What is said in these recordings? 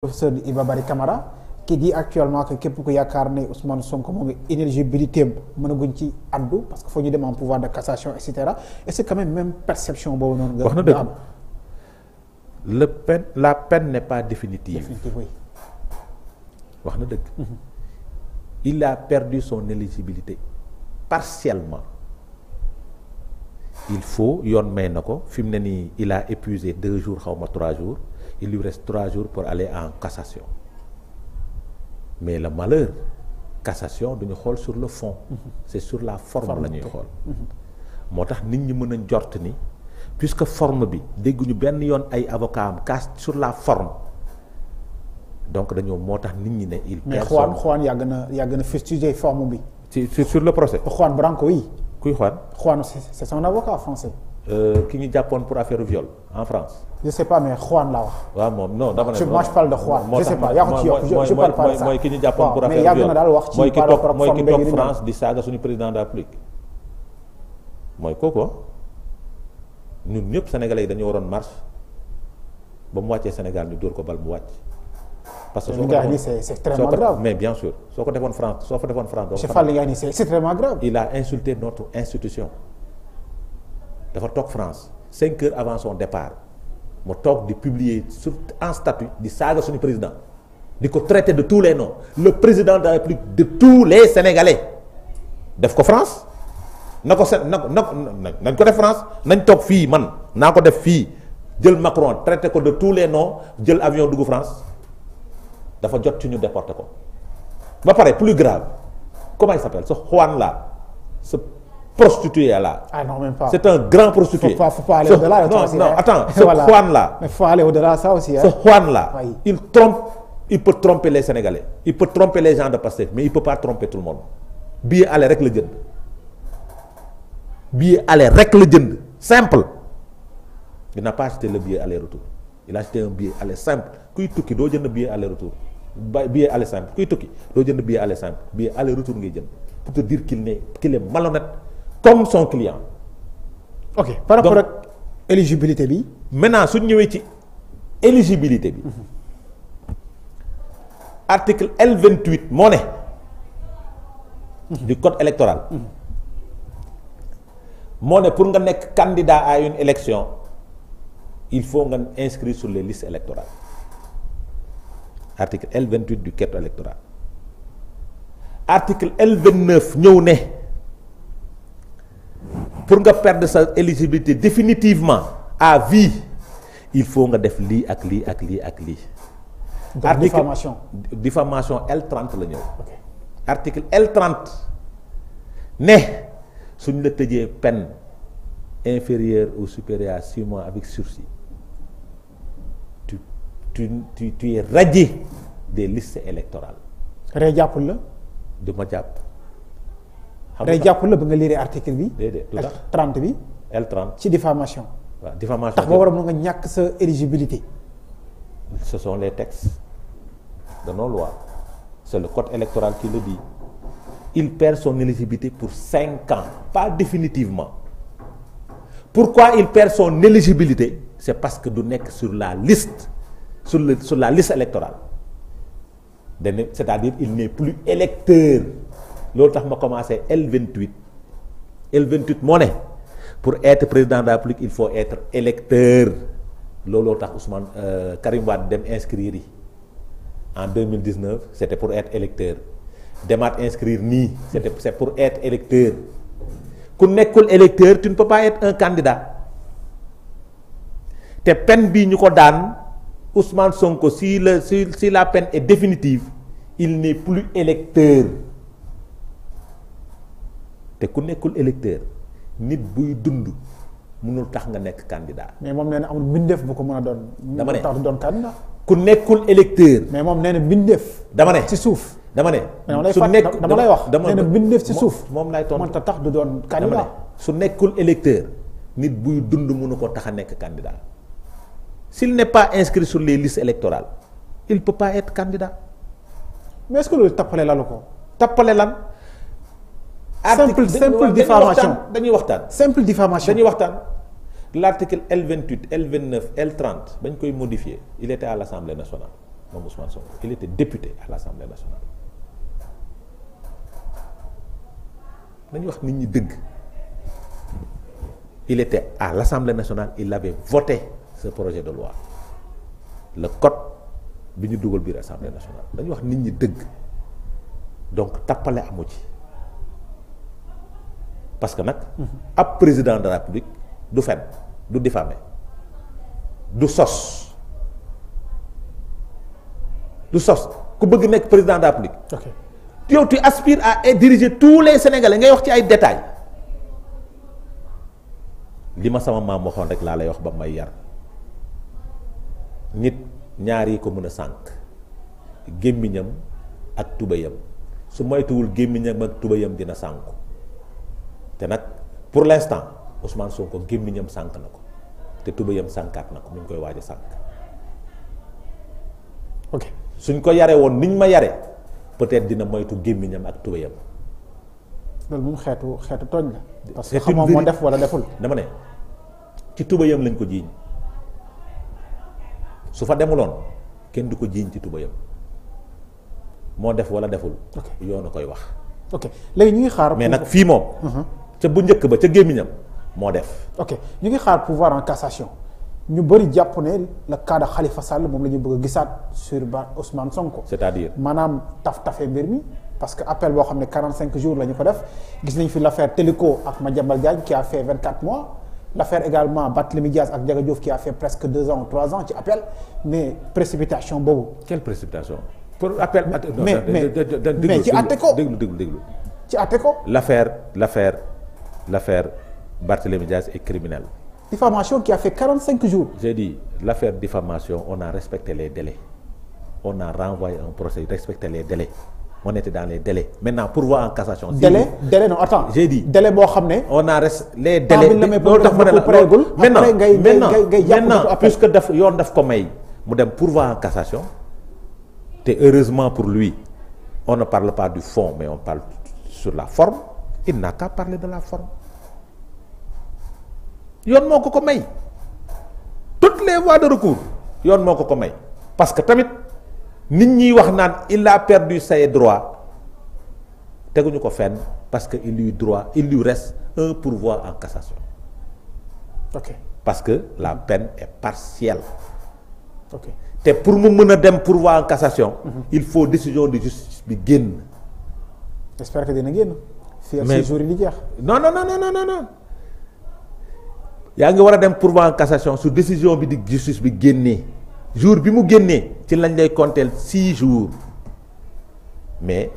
professeur Iba Barry kamara qui dit actuellement que képp ku yaakaar ne Ousmane Sonko moo ngi inéligibilité mënaguñ ci addu parce que foo ñu dem en pouvoir de cassation et cetera et c'est quand même même perception boobu noonu. nga la peine n'est pas définitive. définitive wax na dëkk mhm. il a perdu son éligibilité partiellement. il faut yoon may na ko fi mu ne nii il a épuisé deux jours xaw ma trois jours. il trois jours pour aller en cassation mais le malheur cassation duñu xool sur le fond c'est sur la forme la ñuy xool mhm. moo tax nit ñi mën a njort ni puisque forme bi dégguñu benn yoon ay avocat am casse sur la form donc dañoo moo tax nit ñi ne il mais Juan Juan yàgg na yàgg na fustiger forme bi ci sur le procès Juan Branco oui kuy Juan Juan avocat français Euh, ki ñu jàppoon pour affaire viol en France. je sais pas mais Juan laa wax. waaw moom non dama ne. je moi je parle de Juan. je sais pas yaa ko ci yokk je parle pas de ça mooy ki ñu jàppoon pour affaire viol mooy ki toog mooy ki toog France di saaga suñu président de la République mooy kooku ah. ñun ñëpp sénégalais yi dañu waroon marche ba mu wàccee Sénégal ñu dóor ko bal mu wàcc. parce que soo ko defoon c'est extrêmement grave mais bien sûr soo ko defoon France soo ko defoon France. doo ko xam ne c'est extrêmement grave. il a insulté notre institution. dafa toog France cinq heures avant son départ mu toog di publier sur en statut di saaga suñu président di ko traiter de tous les noms le président de la République de tous les Sénégalais def ko France na ko se na ko nañ ko def France nañ toog fii man naa ko def fii jël Macron traité ko de tous les noms jël avion dugg France dafa jot ci ñu déporté ko ba pare plus grave comment il s'appelle ce Juan là prostituée là. Ah non, même pas. C'est un grand prostitué. Faut pas, faut pas aller au-delà. Non, aussi, non, hein. attends, il trompe, il peut tromper les Sénégalais, il peut tromper les gens de Pastef, mais il peut tromper tout le monde. billet aller rek la jënd billet aller rek la jënd simple. il n'a pas acheté le billet aller-retour il a acheté un billet aller simple kuy tukki doo jënd billet aller-retour ba billet aller simple kuy tukki doo jënd billet aller simple retour ngay jënd pour dire qu'il n'est qu'il est comme son client. ok par rapport ak éligibilité bi. maintenant su ñëwee ci éligibilité bi. article L vingt huit moo ne. du code électoral. moo ne pour nga nekk candidat à une élection il faut nga inscrire sur les listes électorales article L vingt du code électoral article L vingt neuf ñëw ne. pour nga perdre sa éligibilité définitivement à vie il faut nga def lii ak lii ak lii ak lii. diffamation diffamation L30 la ñëw. article L30 ne suñ la tëjee peine inférieure ou supérieure à six mois avec sursis tu tu tu tu es radié des listes électorales. ree jàppul la. du ma jàpp. day jàpp la ba nga lire article bi. déedéet lu bi. l ci diffamation. waaw diffamation tax ba war a mën nga ñàkk sa éligibilité. ce sont les textes de nos lois c'est le code électoral qui le dit il perd son éligibilité pour cinq ans pas définitivement pourquoi il perd son éligibilité c'est parce que du nekk sur la liste sur le sur la liste électorale dana c'est-à-dire il n'est plus électeur loolu tax ma commencé L28 L28 moo ne pour être président de la République il faut être électeur looloo tax Ousmane euh, Karim Wade dem inscrire yi en 2019 c' était pour être électeur demaat inscrire nii c' était c' pour être électeur ku nekkul électeur tu ne peux pas être un candidat te peine bii ñu ko daan Ousmane Sonko si la si si la pen et définitive il n'est plus électeur te ku nekkul électeur nit buy dund mënul tax nga nekk candidat. mais moom nee na amul mbindeef bu ko mën a doon. dama ne tax du doon candidat. ku nekkul électeur. mais moom nee na mbindeef. dama ne suuf. dama ne su nekk dama lay wax dama nee na mbindeef ci suuf. moom lay tontu mënta tax du doon candidat. su nekkul électeur nit buy dund mënu ko tax a nekk candidat s'il n'est pas inscrit sur les listes électorales il peut pas être candidat. mais ko ce que loolu tappale lalu ko. tappale lan. simple simple diffamation dañuy waxtaan simple diffamation dañuy waxtaan l' article L 28 L 29 L 30 bañ koy modifier il était à l' assemblée nationale moom Ousmane Sonko il était député à l' assemblée nationale dañuy wax nit ñi dëgg il était à l' assemblée nationale il avait voté ce projet de loi le code bi ñu dugal biir assemblée nationale dañuy wax nit ñi dëgg donc tappale amu ci. parce que nag ab président de la république du fen du diffamé du sos du sos ku bëgg nekk président de la république yow tu aspires à diriger tous les sénégalais ngay wax ci ay détails li ma sama maam waxoon rek laa lay wax ba mu may yar nit ñaar yi ko mën a sànq gémmiñam ak tubayam su moytuwul gémmiñam ak tubayam dina sànku te nag pour l' instant Ousmane Sonko gémmiñam sànq na ko te tubéyam sànkaat na ko mu koy waaj a sànq. ok suñ ko yare woon niñ ma yare peut-être dina moytu gémmiñam ak tubéyam. loolu moom xeetu xeetu tooñ la. parce xamoo moo def wala deful. dama ne ci tubéyam lañ ko jiiñ su fa demuloon kenn du ko jiiñ ci tubéyam moo def wala deful. yoonu koy wax. ok léegi ñu ngi xaar. mais nag fii moom. Mhm. ca bu njëkk ba ca gémmiñam moo def. ok ñu ngi xaar pouvoir en cassation ñu bëri jàpp ne le cas de Khalifa moom la ñu bëgg gisaat sur ba Ousmane Sonko. c'est-à-dire maanaam taf tafee mbir mi. parce que appel boo xam ne 45 jours la ñu ko def gis nañ fi l'affaire Téléco ak Madiambal Diagne qui a fait 24 mois l'affaire également Barthélémy Dias ak Ndiaga Diouf a fait presque 2 ans ou 3 ans ci appel mais précipitation boobu. quelle précipitation. pour appel. mais mais mais ci àtte ko déglu déglu déglu. ci àtte ko l'affaire l'affaire l'affaire Barthélémy Diaz est criminelle. Diffamation ki a fait 45 jours. J'ai dit, l'affaire diffamation, on a respecté les délais. On a renvoyé un procès, respecté les délais. On était dans les délais. Maintenant, pour voir en cassation. Délai, si délai, non, attends. J'ai dit. Délai, bon, on a rest... les délais. Délai, délai, délai, maintenant, maintenant, maintenant, puisque yon daf komay, moudem pourvoi en cassation, et heureusement pour lui, on ne parle pas du fond, mais on parle sur la forme. il n'a qu'à parler de la forme yoon moo ko ko may toutes les voies de recours yoon moo ko ko may parce que tamit nit ñiy wax naan il a perdu ses droits teguñu ko fenn parce que il lui droit il lui reste un pourvoi en cassation ok parce que la peine est partielle te pour mu mën a dem pourvoi en cassation il faut décision di justice bi génn fii ak six jours yi di jeex. non non non non yaa ngi war a dem pour en cassation su décision bi di justice bi génnee jour bi mu génnee ci lañ lay contel six jours mais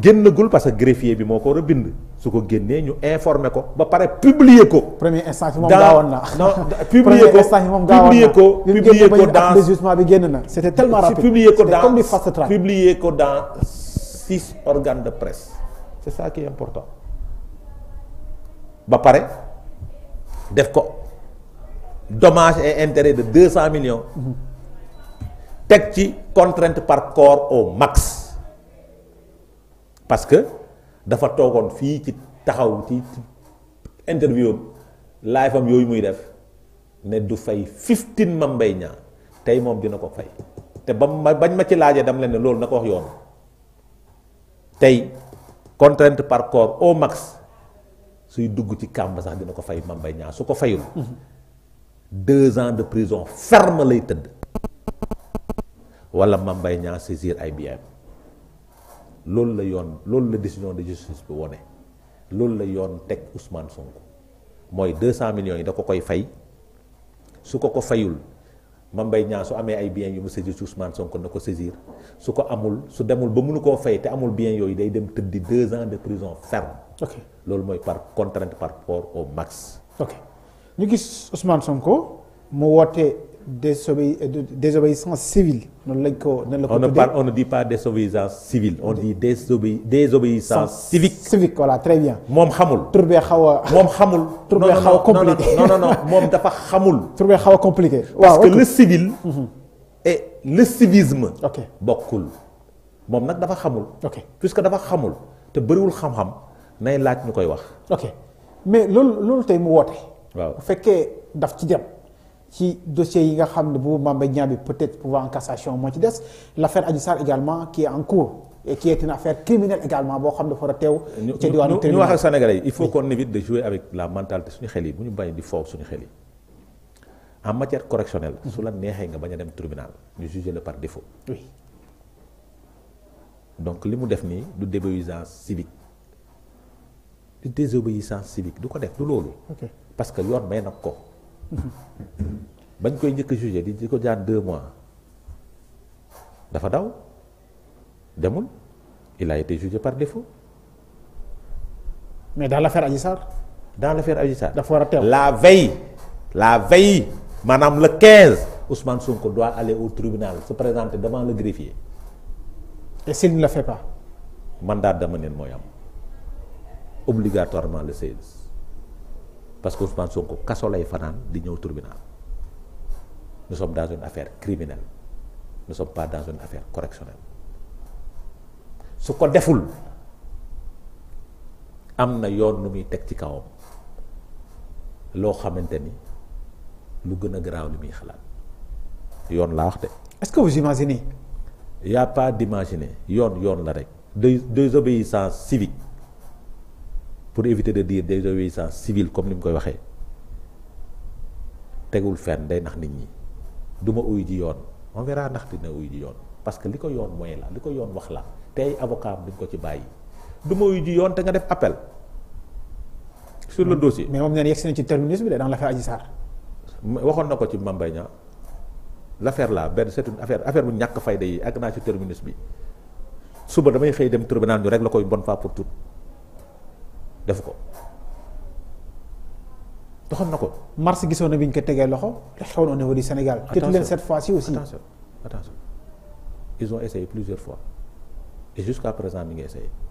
génnagul parce que greffier bi moo ko war a bind su ko génnee ñu informer ko ba pare publier ko. première instance moom gaawoon na non publier ko publier ko dans bi génn na. c'était tellement rapide c'était comme du fast publier ko dans six organes de presse. c'est ça qui important ba pare def ko domage et intérêt de deux cent millions teg ci contrainte par corps au max parce que dafa toogoon fii ci taxaw ci interview laay fam yooyu muy def ne du fay fifteen Mame Mbaye Niang tey moom dina ko fay te ba ma bañ ma ci laajee dam leen ne loolu na ko wax yoon tey contrainte par corps au max suy dugg ci kàmb sax dina ko fay Mame Mbaye Niang su ko fayul deux ans de prison ferme lay tëdd wala Mame Mbaye Niang saisir ay biens loolu la yoon loolu la décision de justice bi wone loolu la yoon teg Ousmane Sonko mooy deux cent millions yi da ko koy fay su ko ko fayul Mame Mbaye Niang su amee ay biens yu mu saisir ci Ousmane Sonko na ko saisir su ko amul su demul ba mënu koo fay te amul biens yooyu day dem tëddi deux ans de prison ferme. ok loolu mooy par contrainte par rapport au max. ok ñu gis Ousmane ko mu woote désobé euh, désobéissance civile. noonu lañ ko noonu la ko on ne parle on ne dit pas désobéissance civile on dit désobé désobéissance civique. civique voilà très bien. moom xamul. tur bee xaw a. moom xamul. tur bee xaw a compliqué non moom dafa xamul. tur bee xaw a waaw parce que le civil. Mhm. et le civisme. ok bokkul moom nag dafa xamul. ok puisque dafa xamul te bëriwul xam-xam nay laaj ñu koy wax. ok mais loolu loolu tey mu woote. waaw bu fekkee daf ci dem. ci dossier yi nga xam ne bu Mame Mbaye Niang bi peut-être pouvoir en cassation moo ci des l'affaire Adji Sarr également qui est en cours et qui est une affaire criminelle également boo xam dafa war a teew. ca diwaanu tribunal ñu wax ak Sénégalais yi il faut qu'on évite de jouer avec la mentalité suñu xel yi bu ñu bañ di foofu suñu xel yi en matière correctionnelle. su la neexee nga bañ a dem tribunal ñu juger le par défaut. oui donc li mu def nii du désobéissance civique du désobéissance civique du ko def du loolu. parce que yoon bañ koy njëkk a jugé di di ko jaar deux mois dafa daw demul il a été jugé par défaut. mais dans la affaire Adji Sarr. dans l' affaire Adji dafa war a teew la veille la veille maanaam le 15 Ousmane Sonko doit aller au tribunal se présenter devant la greffier. te s'il ne le fait pas. mandat d'amener mooy am obligatoirement le 16. parce que Ousmane Sonko kaso lay fanaan di ñëw tribunal nous sommes dans une affaire criminelle nous pas dans une affaire correctionnelle su ko deful am na yoon nu muy teg ci kawam loo xamante ni lu gën a garaaw li muy xalaat yoon laa wax de. est-ce que vous imaginez. y a pas d'imaginer yoon yoon la rek. des désobéissance civique. pour éviter de dire désobéissance civile comme ni mu koy waxee tegul fenn day nax nit ñi du ma uy ji yoon on verra ndax ne uy ji yoon parce que li ko yoon mooy la li ko yoon wax la tey avocat am duñ ko ci bàyyi du ma uy ji yoon te nga def appel sur le mm. dossier. mais moom nee na na ci terminus bi de dans l' affaire Adji Sarr. waxoon na ko ci Mame Mbaye Niang l' affaire benn c' est une affaire bu ñàkk fayda yi àgg naa ci terminus bi suba damay xëy dem tribunal ñu rek la koy bonne fois tout def ko doxal na ko mars gisoon na bi ñu ko tegee loxo la xewoon au niveau du Sénégal. attention tëj leen cette fois-ci aussi attention attention ils ont essayé plusieurs fois et jusqu'à présent mi ngi essayé.